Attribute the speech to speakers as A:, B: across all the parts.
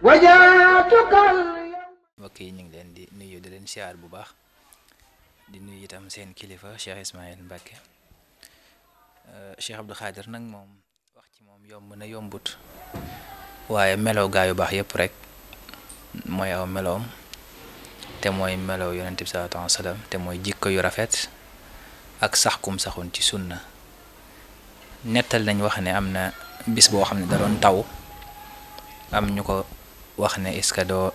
A: mbokk
B: yi ñu ngi leen di nuyu di leen siyaar bu baax di nuyu itam seen kilifa Cheikh Ismaïl Mbacke euh, Cheikh Abdou Khadir nag moom wax ci moom yomb na yombut waaye melow gaa yu baax yépp rek mooy aw melowam te mooy melow yonent bi salaatu te mooy jikko yu rafet ak saxkum saxoon ci sunna nettal nañ wax ne am na bis boo xam ne da taw am ñu ko wax ne est-ce que doo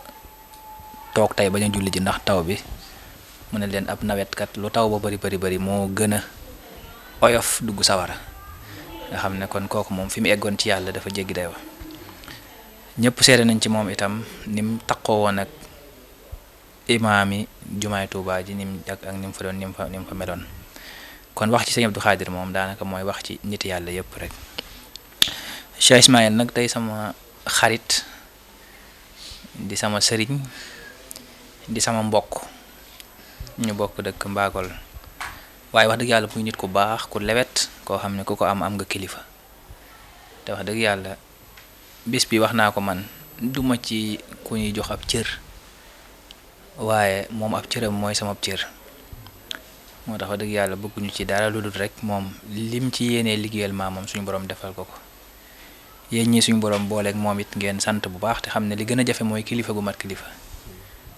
B: toog tey bañ a julli ji ndax taw bi mu ne leen ab nawetkat lu taw ba bari bari bari moo gën a oyof dugg sawara nga xam ne kon kooku moom fi mu eggoon ci yàlla dafa jéggi day wa ñëpp seede nañ ci moom itam ni mu taqoo woon ak imaam yi jumaay Tuubaa ji nim ak ak ni mu fa doon ni mu fa ni fa meloon kon wax ci sëñ Abdou Khadir moom daanaka mooy wax ci nit yàlla yëpp rek Cheikh Ismaïl nag tey sama xarit di sama sëriñ di sama mbokk ñu bokk dëkk mbaagol waaye wax dëgg yàlla muy nit ku baax ku lewet koo xam ne ku ko am am nga kilifa te wax dëgg yàlla bis bi wax naa ko man duma ci ku ñuy jox ab cër waaye moom ab cëram mooy sama cër moo tax wax dëgg yàlla bëgguñu ci dara lu dul rek moom lim ci yéenee liggéeyal maamam suñu borom defal ko ko yéen ñii suñu borom booleeg moom it ngeen sant bu baax te xam ne li gën a jafe mooy kilifa gu mat kilifa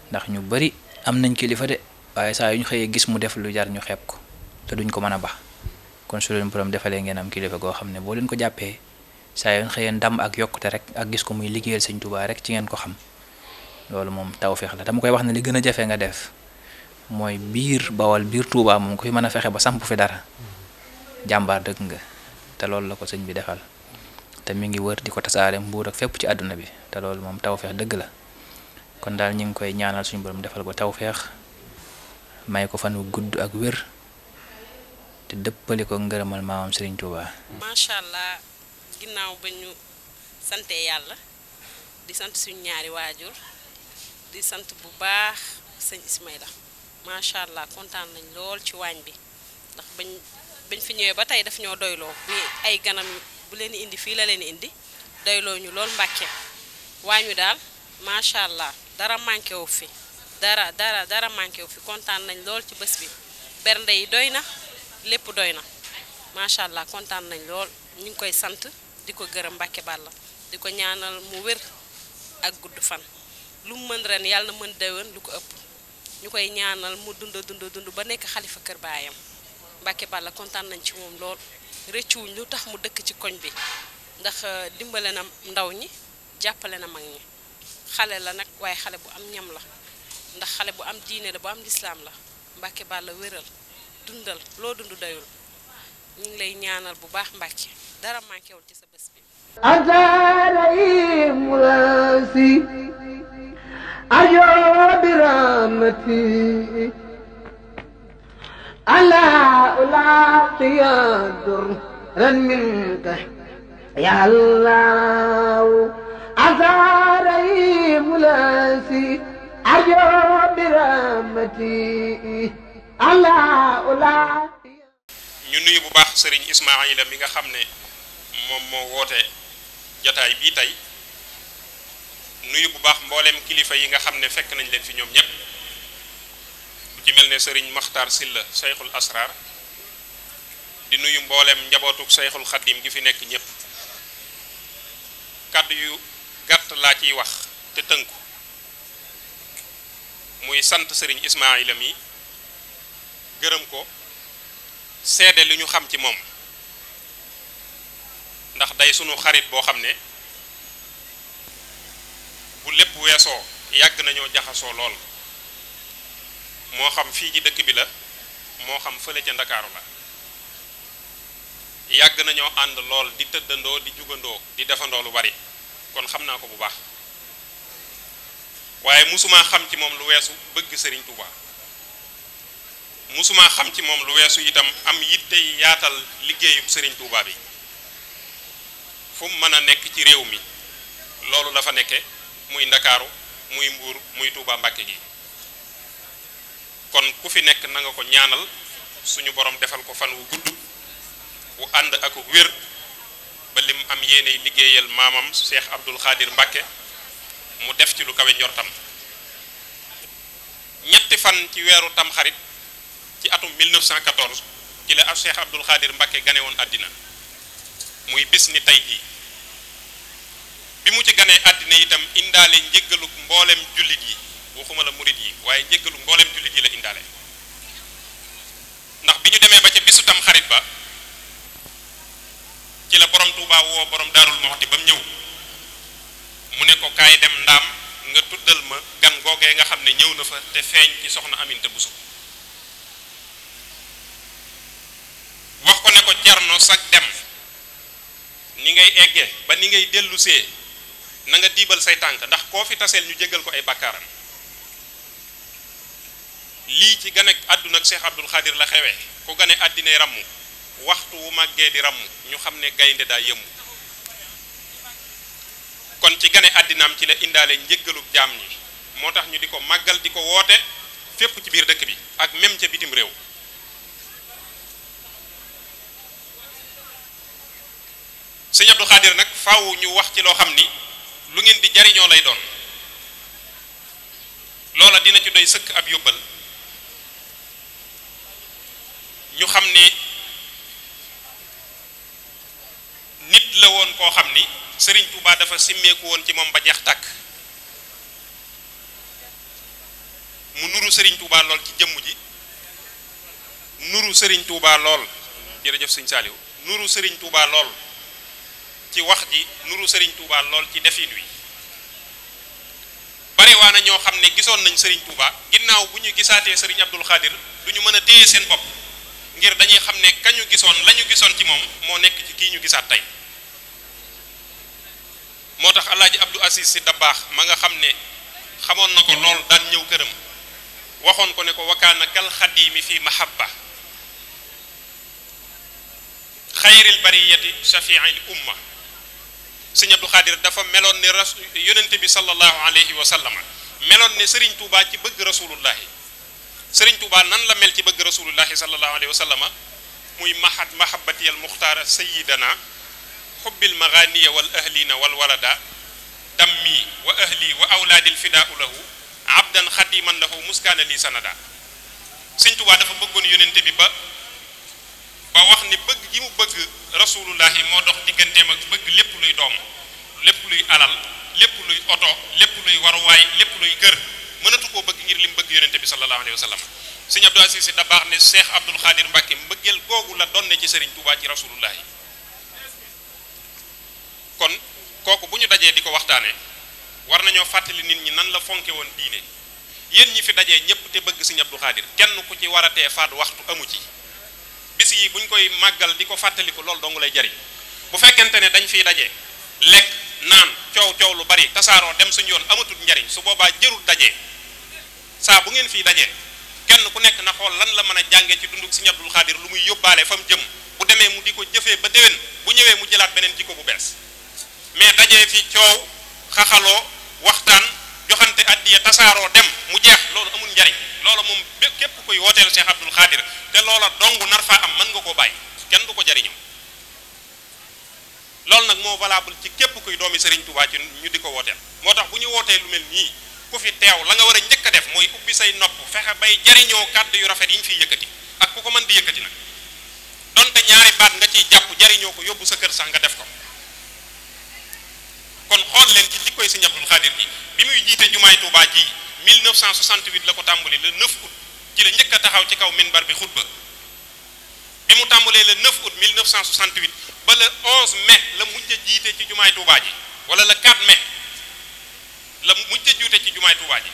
B: ndax ñu bari am nañ kilifa de waaye saa yu ñu xëyee gis mu def lu jar ñu xeeb ko te duñ ko mën a bax kon su leen borom defalee ngeen am kilifa goo xam ne boo leen ko jàppee saa yu ñu xëyee ndam ak yokkute rek ak gis ko muy liggéeyal sëñ Tuubaa rek ci ngeen ko xam loolu moom tawféex la dama koy wax ne li gën a jafe nga def mooy biir bawal biir Tuubaa moom koy mën a fexe ba samp fi dara jàmbaar dëkk nga te loolu la ko sëñ bi defal. te mi ngi wër di ko tasaare mbuur ak fépp ci àdduna bi te loolu moom tawfeex dëgg la kon daal ñu ngi koy ñaanal suñu borom defal ko tawfeex may ko fan gudd ak wér te dëppale ko ngërëmal maamam Serigne Touba.
C: macha allah ginnaaw ba ñu sante yàlla di sant suñu ñaari waajur di sant bu baax sëñ Ismaïla macha allah kontaan nañ lool ci waañ bi ndax bañ bañ fi ñëwee ba tey daf ñoo doyloo bi ay ganam. bu leen indi fii la leen indi doyloo ñu lool Mbàkke waa ñu daal macha allah dara manqué wu fi dara dara dara manqué wu fi kontaan nañ lool ci bés bi bernde yi doy na lépp doy na macha allah kontaan nañ lool ñu ngi koy sant di ko gërëm Mbàkke Bàlla di ko ñaanal mu wér ak gudd fan lu mu mën ren yàlla na mën déwén lu ko ëpp ñu koy ñaanal mu dund dund dund ba nekk xalifa kër baayam Mbàkke Bàlla kontaan nañ ci moom lool rëccuwuñ lu tax mu dëkk ci koñ bi ndax euh, dimbale na ndaw ñi jàppale na mag ñi xale la nag waaye xale bu am ñam la ndax xale bu am diine la bu am lislaam la Mbàkke la wéral dundal loo dund dayul ñu ngi lay ñaanal bu baax Mbàkke dara mànkewul ci sa bés bi
A: ataray murasi ayo bi ramati ألا ألاقي درا منك يا الله أثاري ملاسي أرجو برحمتي ألا ألاقي
D: ñu nuyu bu baax sëriñ Ismaayila mi nga xam ne moom moo woote jataay bii tey nuyu bu baax mboolem kilifa yi nga xam ne fekk nañ leen fi ñoom ñépp ci mel ne sëriñ Maxtaar Silla sayxul asrar di nuyu mboolem njabootuk sayxul xaddim gi fi nekk ñëpp kàddu yu gàtt laa ciy wax te tënku muy sant sëriñ Ismaayila mi gërëm ko seede li ñu xam ci moom ndax day sunu xarit boo xam ne bu lépp weesoo yàgg nañoo jaxasoo lool moo xam fii ci dëkk bi la moo xam fële ca ndakaaru la yàgg nañoo ànd lool di tëddandoo di jugandoo di defandoo lu bari kon xam naa ko bu baax waaye musumaa xam ci moom lu weesu bëgg sëriñ Touba musumaa xam ci moom lu weesu itam am yitte yaatal liggéeyub sëriñ Touba bi fu mën a nekk ci réew mi loolu dafa fa nekke muy ndakaaru muy mbuur muy Touba Mbàkke gi kon ku fi nekk nanga ko ñaanal suñu borom defal ko fan wu gudd wu ànd ak wér ba lim am yéene liggéeyal maamam Cheikh Abdoul Khadir Mbacke mu def ci lu kawe njortam ñetti fan ci weeru tamxarit ci atum 1914 ci la ab Cheikh Abdoul Khadir Mbacke gane woon àddina muy bis ni tey jii bi mu ci ganee àddina itam indaale njëggaluk mboolem jullit yi waxuma la murit yi waaye jéggalu mboolem jullit yi la indaale ndax bi ñu demee ba ca bisu tam xarit ba ci la boroom Touba woo borom Daarul Muxti ba mu ñëw mu ne ko kaay dem ndaam nga tuddal ma gan googee nga xam ne ñëw na fa te feeñ ci soxna Aminta Bousso wax ko ne ko cerno sag dem ni ngay egge ba ni ngay dellusee na nga diibal say tànk ndax koo fi taseel ñu jéggal ko ay bakkaaram lii ci ganek àdduna ak Cheikh Abdoul Khadir la xewee ku gane àddinay ràmm waxtu wu màggee di ràmm ñu xam ne gaynde daa yëmmu kon ci gane àddinaam ci la indaale njëggalub jaam ñi moo tax ñu di ko màggal di ko woote fépp ci biir dëkk bi ak même ca bitim réew sëñ Abdou Khadir nag faw ñu wax ci loo xam ni lu ngeen di jariñoo lay doon loola dina ci doy sëkk ab yóbbal ñu xam ne nit la woon koo xam ni sëriñ Touba dafa simmeeku woon ci moom ba jeex tàkk mu nuru sëriñ Touba lool ci jëmm ji nuru sëriñ Touba lool jërëjëf sëñ Saliou nuru Serigne Touba lool ci wax ji nuru sëriñ Touba lool ci defin wi barewaa na ñoo xam ne gisoon nañ sëriñ Touba ginnaaw bu ñu gisaatee Serigne Abdul Xaadir du mën a téye seen bopp. ngir dañuy xam ne kañu gisoon lañu gisoon ci moom moo nekk ci kii ñu gisaat tey moo tax alaaji abdu Aziz Sy Dabakh ma nga xam ne xamoon na ko lool daan ñëw këram waxoon ko ne ko wakaana kal xadiimi fi mahabba xayril bariyati shafiil umma sëñ Abdou Xaadir dafa meloon ne ras yonente bi sallallahu alayhi wa sallam meloon ne sëriñ Tuubaa ci bëgg rasulullahi sëriñ Touba nan la mel ci bëgg rasulullahi sallallahu alayhi wa sallama muy mahat mahabbati al muxtaara sayidana xubbil maganiya wal ahlina wal walada dammi wa ahli wa awlaadil fidaau lahu abdan xadiman lahu muskaana li dafa bëggoon yonente bi ba ba wax ni bëgg gi mu bëgg rasulullahi moo dox digganteem ak bëgg lépp luy doom lépp luy alal lépp luy oto lépp luy waruwaay lépp luy kër mënatu koo bëgg ngir li mu bëgg yonente bi sallallahu alayhi wa sallam sëñ Abdou Aziz Sy Dabakh ne Cheikh Abdoul Khadir Mbacke mbëggeel googu la donne ci Serigne Touba ci rasulullah yi kon kooku bu ñu dajee di ko waxtaanee war nañoo fàttali nit ñi nan la fonke woon diine yéen ñi fi dajee ñëpp te bëgg sëñ Abdou Khadir kenn ku ci war a tee faat waxtu amu ci bis yi bu ñu koy màggal di ko fàttaliku loolu dong lay jariñ bu fekkente ne dañ fiy daje lekk naan coow coow lu bari tasaaroo dem suñu yoon amatul njariñ su boobaa jërul dajee saa bu ngeen fii dajee kenn ku nekk na xool lan la mën a jàngee ci dunduk Sëriñ Abdul Xaadir lu muy yóbbaale fa jëm bu demee mu di ko jëfee ba déwén bu ñëwee mu jëlaat beneen jikko bu bees mais dajee fi coow xaxaloo waxtaan joxante addiya tasaaroo dem mu jeex loolu amul njariñ loola moom képp koy wooteel Cheikh Abdul Xaadir te loola dong nar faa am mën nga koo bàyyi kenn du ko jariñoo loolu nag moo valable ci képp kuy doomi Serigne Touba ci ñu di ko wooteel moo tax bu ñu wootee lu mel nii ku fi teew la nga war a njëkk a def mooy ubbi say nopp fexe bay jariñoo kàddu yu rafet yi ñu fiy yëkkati ak ku ko mën di yëkkati nag donte ñaari baat nga ciy jàpp jariñoo ko yóbbu sa kër sax nga def ko kon xool leen ci jikkoy Serigne Abdou Khadre gi bi muy jiite jumaay Touba ji 1968 la ko tàmbali le 9 août ci la njëkk a taxaw ci kaw bar bi xutba bi mu tàmbalee le 9 août 1968 ba le 11 mai la mujj jiite ci jumaay Touba ji wala le 4 mai la mujj a jiite ci jumaay Touba ji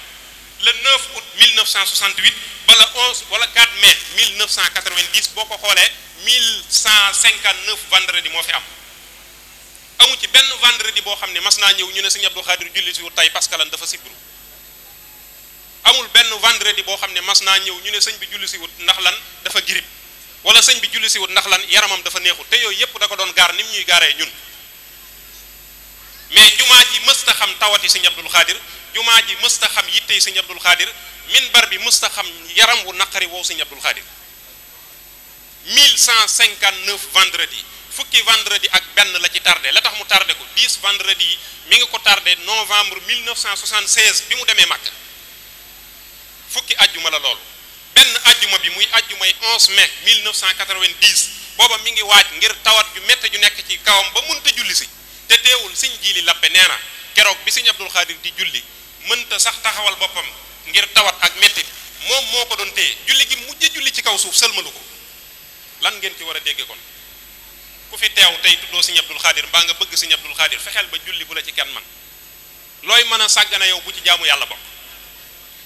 D: le 9 août 1968 ba le 11 wala 4 mai 1990 boo ko xoolee 1159 vendredi moo fi am amu ci benn vendredi boo xam ne mas naa ñëw ñu ne sëñ Abdou Khadir julli si tey parce que lan dafa sibru amul benn vendredi boo xam ne mas naa ñëw ñu ne sëñ bi julli si wut ndax lan dafa girib wala sëñ bi julli siwut ndax lan yaramam dafa neexut te yooyu yëpp da ko doon gaar ni mu ñuy gaaree ñun mais jumaa ji mësta xam tawati sëñ Abdul Xaadir jumaa ji mësta xam yittey sëñ Abdul Xaadir minbar bi mësta xam yaram wu naqari wow sëñ Abdul Xaadir 1159 vendredi fukki vendredi ak benn la ci tardé la tax mu tardé ko 10 vendredi yi mi ngi ko tardé novembre 1976 bi mu demee Màkka fukki ajjuma la loolu benn ajjuma bi muy ajjumay 11 mai 1990 booba mi ngi waaj ngir tawat ju métte ju nekk ci kawam ba munta julli si te teewul sëñ jiili lappe neena na keroog bi sëñ Abdul Xaadir di julli mënta sax taxawal boppam ngir tawat ak métti moom moo ko doon téye julli gi mujj julli ci kaw suuf sëlmalu ko lan ngeen ci war a dégg kon ku fi teew tey tuddoo sëñ Abdul Xaadir mbaa nga bëgg sëñ Abdul Xaadir fexeel ba julli bu la ci kenn man looy mën a sàggana yow bu ci jaamu yàlla bokk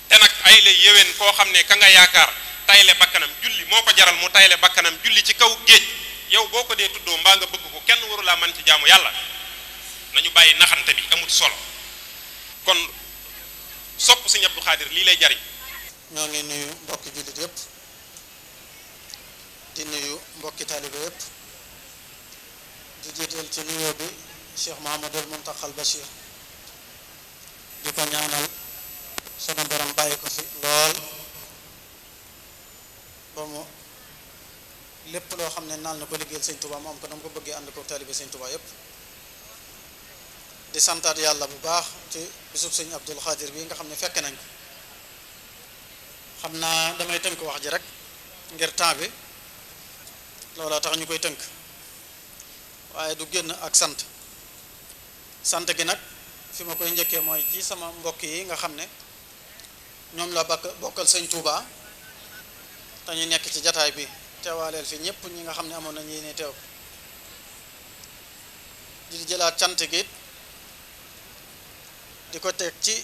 D: te nag ay la yéwén koo xam ne ka nga yaakaar tayle bakkanam julli moo ko jaral mu tayle bakkanam julli ci kaw géej yow boo ko dee tuddoo mbaa nga bëgg ko kenn waru laa man ci jaamu yàlla nañu bàyyi naxante bi amut solo kon sopp Sëriñ Abdou Khadir lii lay jariñ
E: ñoo ngi nuyu mbokki jullit yépp di nuyu mbokki taalibe yépp di jiital ci nuyoo bi Cheikh Mahamadul Muntaxal Bachir di ko ñaanal sunu borom bàyyi ko fi lool ba mu lépp loo xam ne naal na ko liggéeyal sëñ Tuubaa mu ko dama ko bëggee ànd ko taalibe sëñ Tuubaa yépp di santaat yàlla bu baax ci bisub sëñ Abdul Xaadir bi nga xam ne fekke nañ ko xam naa damay tënk wax ji rek ngir temps bi loolaa tax ñu koy tënk waaye du génn ak sant sant gi nag fi ma koy njëkkee mooy ci sama mbokk yi nga xam ne ñoom la bakk bokkal sëñ Touba te ñu nekk ci jataay bi teewaaleel fi ñëpp ñi nga xam ne amoon nañu yéene teew di jëlaat cant gi di ko teg ci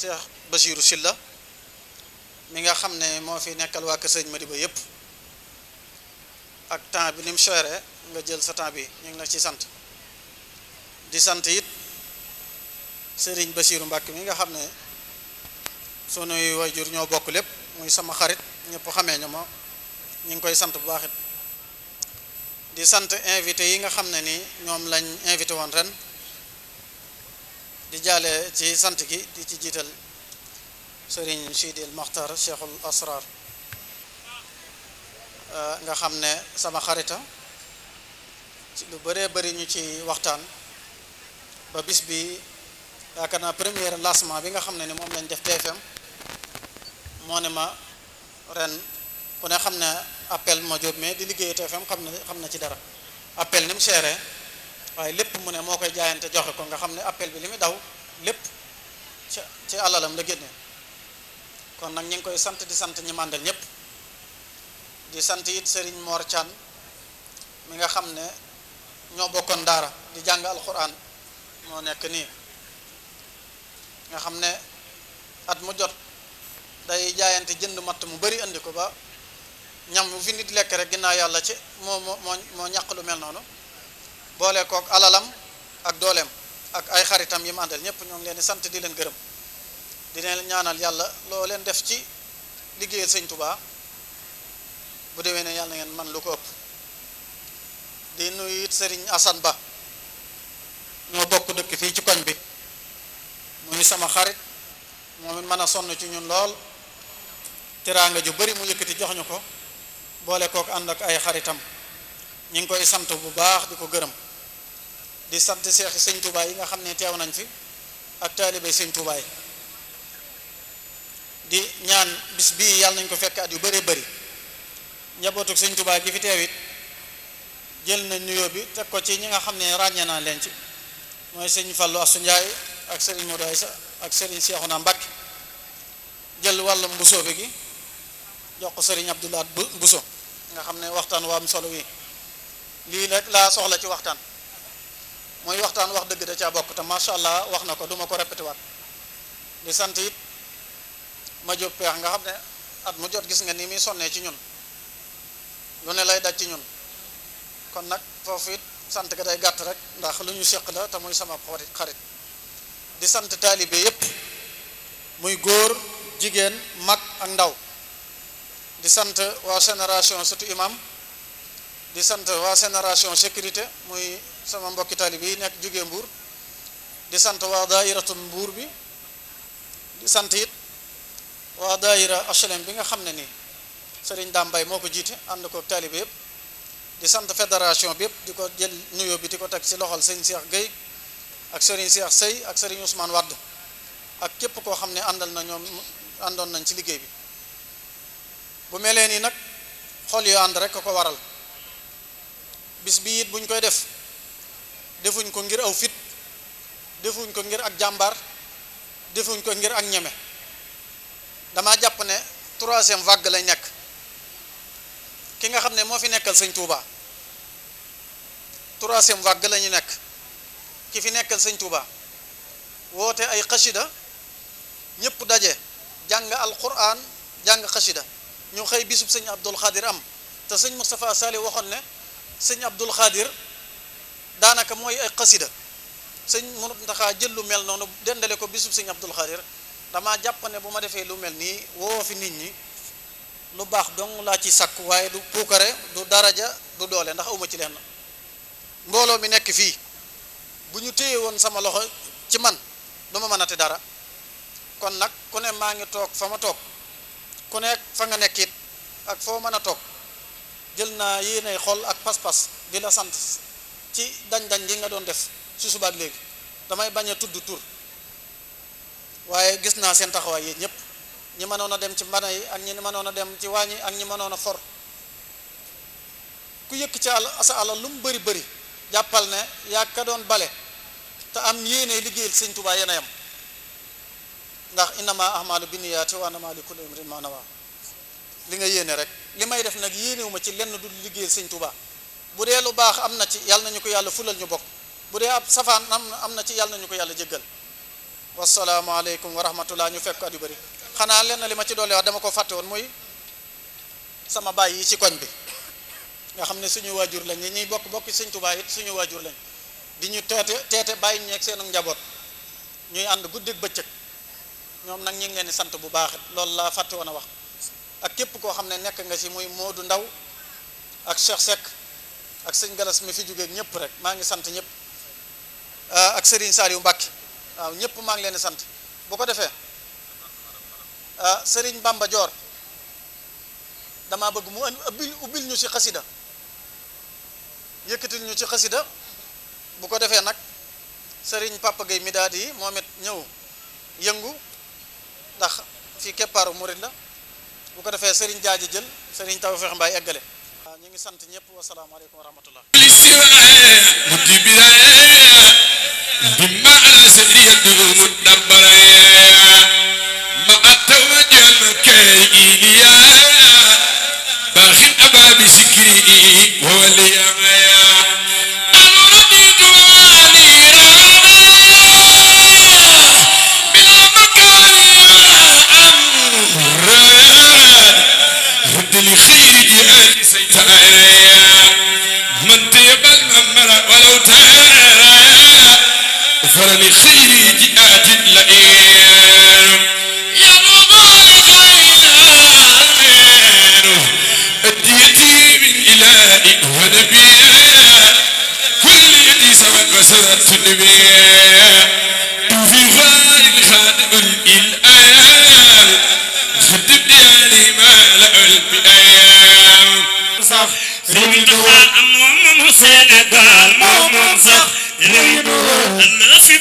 E: Cheikh Bachirou Sylla mi nga xam ne moo fi nekkal waa kër sëñ Madiba yëpp ak temps bi ni mu choree nga jël sa temps bi ñu ngi ci sant di sant it Serigne Bachirou Mbacke mi nga xam ne. sunuy wayjur ñoo bokk lépp muy sama xarit ñëpp xamee ñu ma ñu ngi koy sant bu baax di sant invité yi nga xam ne ni ñoom lañ invité woon ren di jaale ci sant gi di ci jiital sëriñ Sidil Maxtar Cheikhul Asrar euh, nga xam ne sama xarita ci lu bëree bëri ñu ci waxtaan ba bis bi yaakaar naa première lancement bi nga xam ne ni moom lañ def TFM moo ne ma ren ku ne xam ne appel ma jóob mais di liggéey TFM xam ne xam na ci dara appel ni mu seeree waaye lépp mu ne moo koy jaayante joxe ko nga xam ne appel bi li muy daw lépp ci ci alalam la génne kon nag ñu ngi koy sant di sant ñi màndal ñëpp di sant it sëriñ Mor Thian mi nga xam ne ñoo bokkoon daara di jàng alxuraan moo nekk nii nga xam ne at mu jot day jaayante jënd matt mu bari andi ko ba ñam mu fi nit lekk rek ginnaaw yàlla ci moo moo moo moo lu mel noonu boole kook alalam ak dooleem ak ay xaritam yi mu àndal ñëpp ñoo ngi leen di sant di leen gërëm dina leen ñaanal yàlla loo leen def ci liggéeyal sëñ Touba bu demee ne yàlla na ngeen man lu ko ëpp di nuyu it sëriñ Assane Ba ñoo bokk dëkk fii ci koñ bi muy sama xarit moom it mën a sonn ci ñun lool teraanga ju bari mu yëkkati jox ñu ko boole kook ànd ak ay xaritam ñu ngi koy sant bu baax di ko gërëm di sant seexi sëñ Tuubaa yi nga xam ne teew nañ fi ak taalibe sëñ Tuubaa di ñaan bis bii yàlla nañ ko fekk at yu bëree bëri njabootuk sëñ Tuubaa fi teew it jël nañ nuyoo bi teg ko ci ñi nga xam ne ràññee naa leen ci mooy sëñ Fallu su Njaay ak sëriñ Modou Aysa ak sëriñ Seexuna Mbàkke jël wàllum bu soobe gi jox ko sëriñ Abdoulaat Buso nga xam ne waxtaan waa am solo wi lii rek laa soxla ci waxtaan mooy waxtaan wax dëgg da caa bokk te macha allah wax na ko duma ko répété waat di sant it ma jóg peex nga xam ne at mu jot gis nga ni muy sonnee ci ñun lu ne lay daj ci ñun kon nag foofu it sant ga day gàtt rek ndax lu ñu seq la te muy sama xarit di sant taalibe yépp muy góor jigéen mag ak ndaw di sant waa génération surtout imam di sant waa génération sécurité mooy sama mbokki taalib yi nekk jóge Mbuur di sant waa daayiratu Mbuur bi di sant it waa daayira HLM bi nga xam ne ni nii daam Dambay moo ko jiite ànd ko taalib yëpp di sant fédération bi yëpp di ko jël nuyoo bi di ko teg si loxol sëñ Cheikh Gueye ak sëriñ Cheikh Sey ak sëriñ Ousmane Wade ak képp koo xam ne àndal na ñoom àndoon nañ ci liggéey bi bu melee nii nag xol yu ànd rekk a ko waral bis bi it buñ koy def defuñ ko ngir aw fit defuñ ko ngir ak jàmbaar defuñ ko ngir ak ñeme dama jàpp ne troisième vague lay nekk ki nga xam ne moo fi nekkal sëñ Touba troisième vague la nekk ki fi nekkal sëñ Touba woote ay xasida ñëpp daje jàng alquran jàng xasida ñu xëy bisub sëñ Abdul Xaadir am te sëñ Moustapha Sali waxoon ne sëñ Abdul Xaadir daanaka mooy ay xasida sëñ Muntaxa jël lu mel noonu dendale ko bisub sëñ Abdul Xaadir damaa jàpp ne bu ma defee lu mel nii woo fi nit ñi lu baax dong laa ci sakku waaye du puukare du daraja du doole ndax awma ci lenn mbooloo mi nekk fii bu ñu téye woon sama loxo ci man du ma mënate dara kon nag ku ne maa ngi toog fa ma toog ku nekk fa nga nekk ak foo mën a toog jël naa yéenay xol ak pas-pas di la sant ci dañ-dañ gi nga doon def su subaat léegi damay bañ a tudd tur waaye gis naa seen taxawaay yéen ñëpp ñi mënoon a dem ci mbana yi ak ñi mënoon a dem ci waañ ak ñi manoon a for ku yëkk ci àll sa àll lu mu bari bari jàppal ne yaa ka doon bale te am yéene liggéey sëñ Tuubaa yéen yam ndax innama ma bi niyaati wa innama li kulli imrin ma nawa li nga yéene rek li may def nag yéenewuma ci lenn du liggéeyal sëñ tubaa bu dee lu baax am na ci yàlla nañu ko yàlla fulal ñu bokk bu dee ab am na ci yàlla nañu ko yàlla jéggal wasalaamaaleykum wa rahmatullah ñu fekk at yu bëri xanaa lenn li ma ci doole wax dama ko fàtte woon muy sama baay yi ci koñ bi nga xam ne suñu waajur lañ ñuy bokk bokk sëñ Tuubaa suñu waajur di ñu teete teete bàyyi ñeeg seen njaboot ñuy ànd guddeeg bëccëg ñoom nag ñu ngi leen di sant bu baax lool laa fàtte woon a wax ak képp koo xam ne nekk nga ci muy Modou Ndaw ak Cheikh Seck ak sëñ Galas mi fi jógee ñëpp rek maa ngi sant ñëpp ah, ak Serigne Saliou Mbacke waaw ñëpp maa ngi leen sant bu ko defee ah, Serigne Bamba Dior damaa bëgg mu ubbil ubbil ñu ci xasida yëkkatil ñu ci xasida bu ko defee nag Serigne Papa Gueye mi daal moom it ñëw yëngu. ndax fii keppaaru murit la bu ko defee sëriñ jaaji jël taw Tawfeex Mbaye eggale
A: waaw ah, ñu ngi sant ñëpp wasalaamaaleykum wa rahmatullah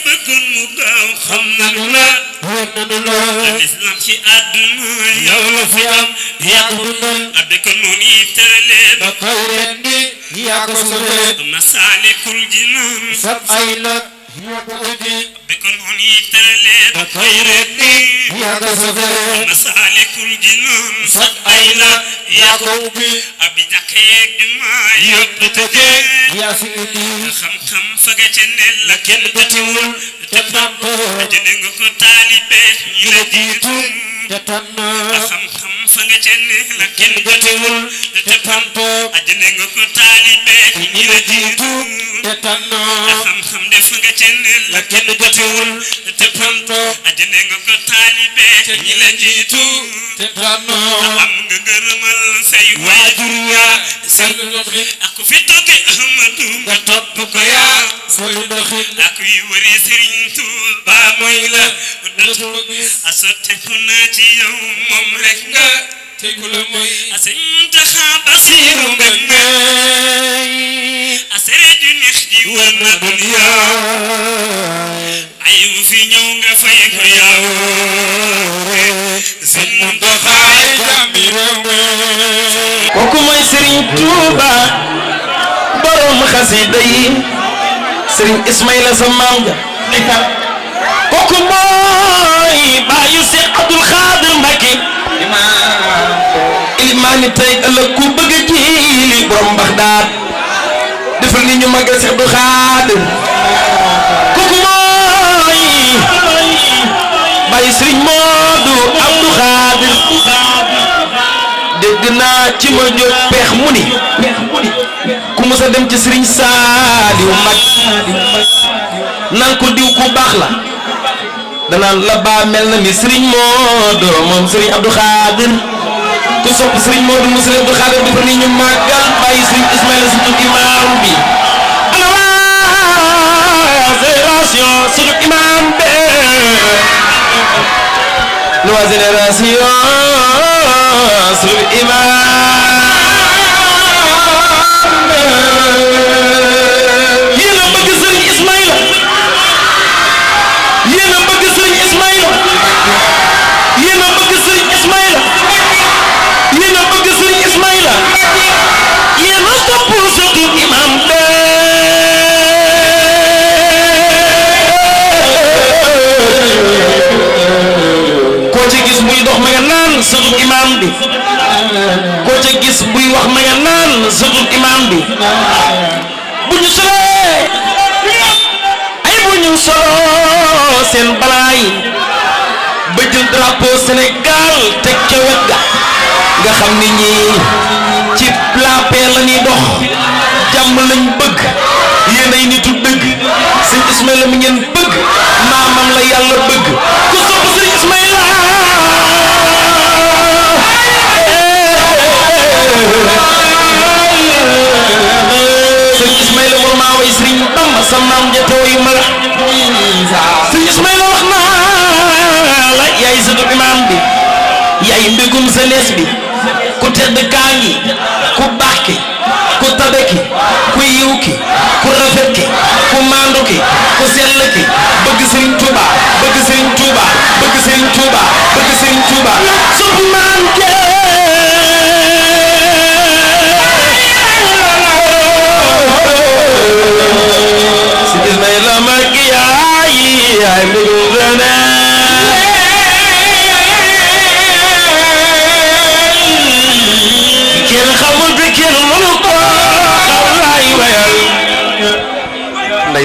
A: bëggoon mu gaaw xam nanu la wër nanu la islam ci àdduna yow la fi am yaa ko dundal adde ko noonu yi terale ba kaw ren di yaa ko sole masaalikul jinaan sab ay la بكل هنيت الليل بخير الدين يا تصدر مسالك الجنون صد أين يا قوبي أبي دقيق دماء يبتدي يا سيدي خم خم فقجن لكن بتمول te tànnoo ajale nga ko taalibe ñu la jiitu te tànnoo a xam-xam fa nga ca ne la kenn jotewul te tànnoo ajale nga ko taalibe ñu la jiitu te tànnoo a xam-xam de fa nga ca ne la kenn jotewul te tànnoo ajale nga ko taalibe ñu la jiitu te tànnoo am nga gërëmal say waajur ya say ak fi toog Ahmadu nga topp ko yaa say doxin ak yu wëri sëriñ Sëriñ Tuuba mooy la asote ku na ci yow moom rek nga te ku la mooy asen taxa basiru nga ngay asere ju neex ji war na dunya ay wu fi ñëw nga fay ko yaw sëñ mu doxaay jàmbi réew
B: kooku mooy Sëriñ Tuuba
A: borom xasida yi Sëriñ Ismaïla sa maam ga dikal kooku mooy baayu si Abdul Xaadir Mbacke ilimaani tey ëllëg ku bëgg a jiili borom Baxdaad defal ni ñu màggal si Abdul Xaadir kooku mooy baayu Sëriñ Moodu Abdul Xaadir dégg naa ci ma jóg peex mu ni ku mës dem ci Sëriñ Saaliw mag naan diw ku baax la la baa na mi sëriñ Moodu moom sëriñ Abdou Khadir ku sopp sëriñ Moodu mu sëriñ Abdou Khadir dafa ni ñu màggal bàyyi imaam bi ana waa génération imaam be drapeau Sénégal teg ca wet ga nga xam ni ñii ci la paix la dox jàmm lañ bëgg yéen ay nitu dëgg sëñ Ismaïla mi ngeen bëgg maamam la yàlla bëgg jeunesse bi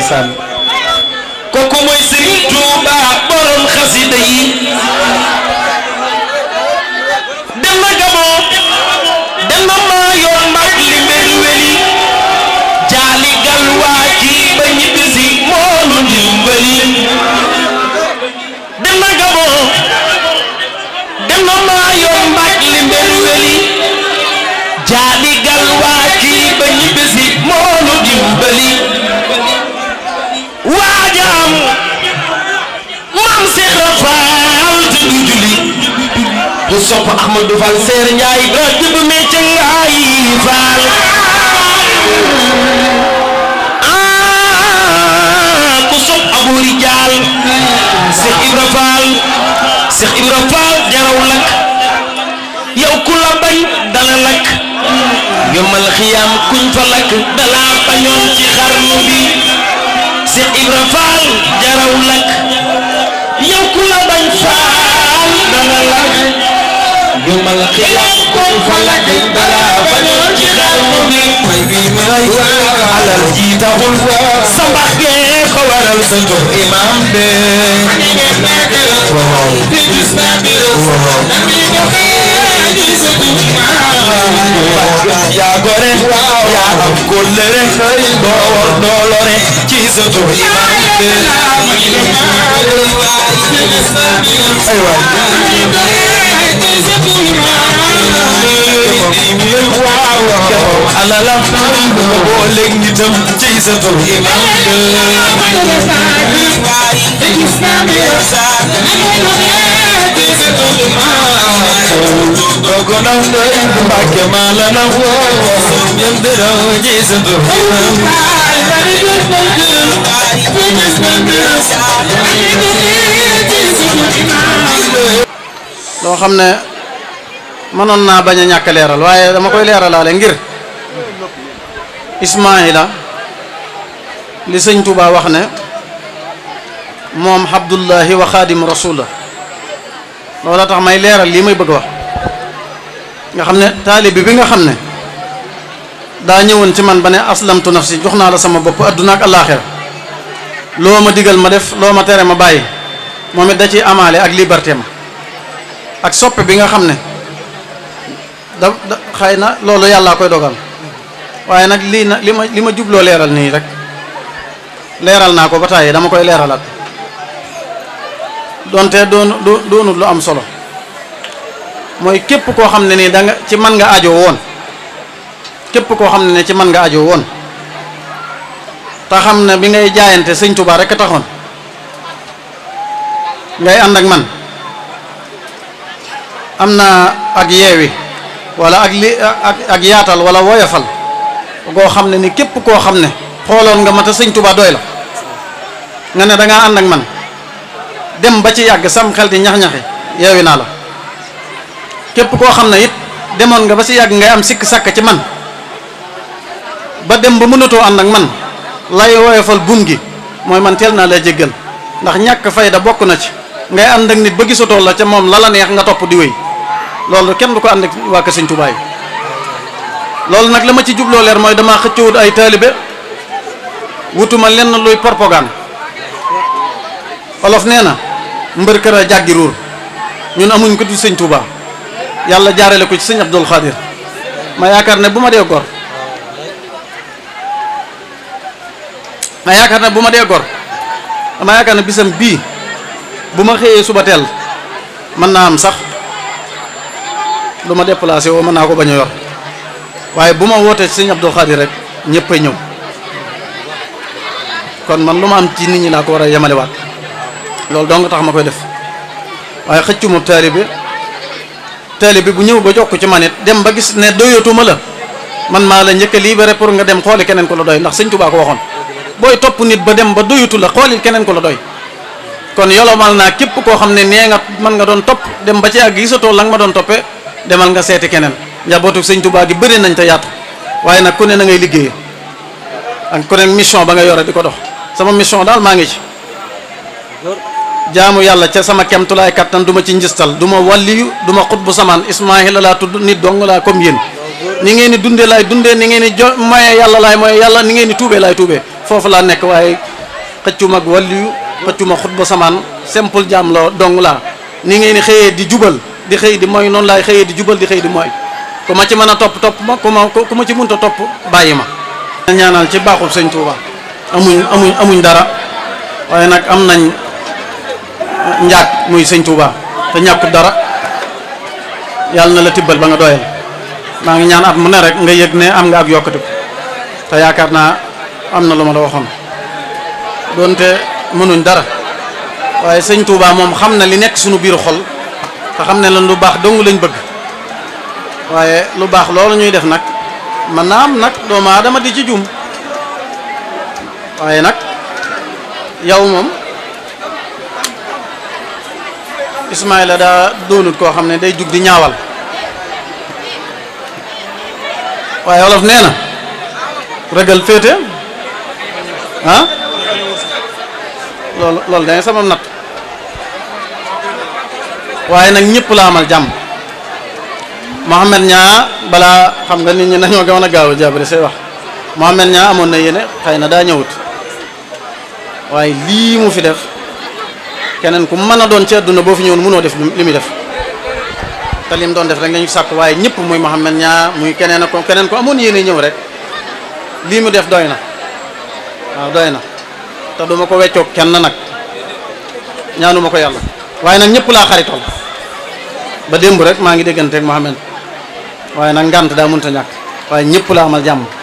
A: ndeysaan sopp Ahmadou ah, Ibra Fall jaraw lakk yow ku la bañ dala yow ku la bañ faal dala يوم القيامة فلك بلا فلوك خلومي طيبين على الجيت غلوة صباح جيخ ورا الصدر إمام بي يا غوري يا ام كل رخي دور دولوري جيزتو إمام بي أيوة ana la boo léegi ñu dem ci sa tur Dogono ndoy mbàkke maa la na woo ñun dërëw ci sa tur
E: loo xam ne mënoon naa bañ a ñàkk leeral waaye dama koy leeralaale ngir Ismaayila li sëñ Touba wax ne moom Abdullahi wa xaadim rasul loolu loola tax may leeral lii may bëgg wax nga xam ne taalibi bi nga xam ne daa ñëwoon ci man ba ne aslamtu si jox naa la sama bopp adduna ak àllaaxira loo ma digal ma def loo ma tere ma bàyyi moom it da ci amaale ak liberté ak soppe bi nga xam ne. da xëy na loolu yàlla koy dogal waaye nag lii na li ma li ma jubloo leeral nii rek leeral naa ko ba tàyyi dama koy leeralaat donte doonu doonut lu am solo mooy képp koo xam ne nii danga ci man nga ajo woon képp koo xam ne ne ci man nga ajo woon te xam bi ngay jaayante sëñ Tuubaa rek taxoon ngay ànd man am na ak yeewi wala ak li ak ak yaatal wala woyafal goo xam ne ni képp koo xam ne xooloon nga ma te sëñ Tuubaa doy la nga ne danga ànd ak man dem ba ci yàgg sam xel di ñax-ñaxi yeewi naa la képp koo xam ne it demoon nga ba ci yàgg ngay am sikk sàkk ci man ba dem ba mënatoo ànd ak man lay woyofal buum gi mooy man teel naa lay jéggal ndax ñàkk fayda bokk na ci ngay ànd ak nit ba gisatoo la ca moom la la neex nga topp di wéy loolu kenn du ko ànd ak waa kër Sëñ Tuubaa loolu nag la ma ci jubloo leer mooy damaa xëccewut ay taalibe wutuma lenn luy propagande olof nee na mbër kër a jàggi ruur ñun amuñ ko di Sëñ Tuubaa yàlla jaarale ko ci Sëñ Abdul Xaadir ma yaakaar ne bu ma dee gor ma yaakaar ne bu ma dee gor ma yaakaar ne bisam bii bu ma xëyee suba teel mën naa am sax lu ma déplacé woo mën naa ko bañ a yor waaye bu ma wootee sëñ Abdou Khadir rek ñëpp a ñëw kon man lu ma am ci nit ñi laa ko war a yemalewaat loolu dong tax ma koy def waaye xëccu ma taalibe taalibe bu ñëw ba jokk ci manit dem ba gis ne doyatuma la man maa la njëkk a pour nga dem xooli keneen ko la doy ndax sëñ Tuubaa ko waxoon booy topp nit ba dem ba doyatu la xoolil keneen ko la doy kon yolomal naa képp koo xam ne nee nga mën nga doon dem ba ci àgg gisatoo la nga ma doon toppee demal nga seeti keneen njabootu sëñ Tuubaa gi bëri nañ te yaatu waaye nag ku ne na ngay liggéey ak ku ne mission ba nga yore di ko dox sama mission daal maa ngi ci jaamu yàlla ca sama kemtulaay kattan du ma ci njistal du ma wàlliyu du ma xut bu samaan Ismaahila laa tudd nit dong laa comme yéen ni ngeen di dundee laay dundee ni ngeen di jo moye yàlla laay moye yàlla ni ngeen di tuubee laay tuubee foofu laa nekk waaye xëccu mag wàlliyu xëccu ma xut bu samaan simple jaam la dong laa ni ngeen di xëyee di jubal di xëy di mooy noonu laay xëyee di jubal di xëy di mooy ku ma ci mën a topp topp ma ku ma ku ma ci munta topp bàyyi ma ñaanal ci baaxul sëñ Touba amuñ amuñ amuñ dara waaye nag am nañ njaag muy sëñ Touba te ñàkkut dara yàlla na la tibbal ba nga doyal maa ngi ñaan at mu ne rek nga yëg ne am nga ak yokkati ko te yaakaar naa am na lu ma la waxoon doonte mënuñ dara waaye sëñ Touba moom xam na li nekk sunu biir xol xam ne lan lu baax dong lañ bëgg waaye lu baax loolu ñuy def nag mën naam nag doomu aadama di ci jum waaye nag yow moom Ismaila daa doonut koo xam ne day jug di ñaawal waaye wolof nee na ragal féete ah loolu loolu danga sama natt waaye nag ñëpp la amal jàmm Mohamed ñaa balaa xam nga nit ñi nañoo gën a gaaw a jàppale say wax Mohamed ñaa amoon na yéene xëy na daa ñëwut waaye lii mu fi def keneen ku mën a doon ci àdduna boo fi ñëwoon mënoo def li muy def te lim doon def rek lañu sàkk waaye ñëpp muy Mohamed ñaa muy keneen ak keneen amoon yéene ñëw rek lii mu def doy na waaw doy na te duma ko weccoog kenn nag ñaanuma ko yàlla waaye nag ñëpp laa xaritool ba démb rek maa ngi déggante ak Mohamed waaye nag ngànt daa mënta ñàkk waaye ñëpp laa amal jàmm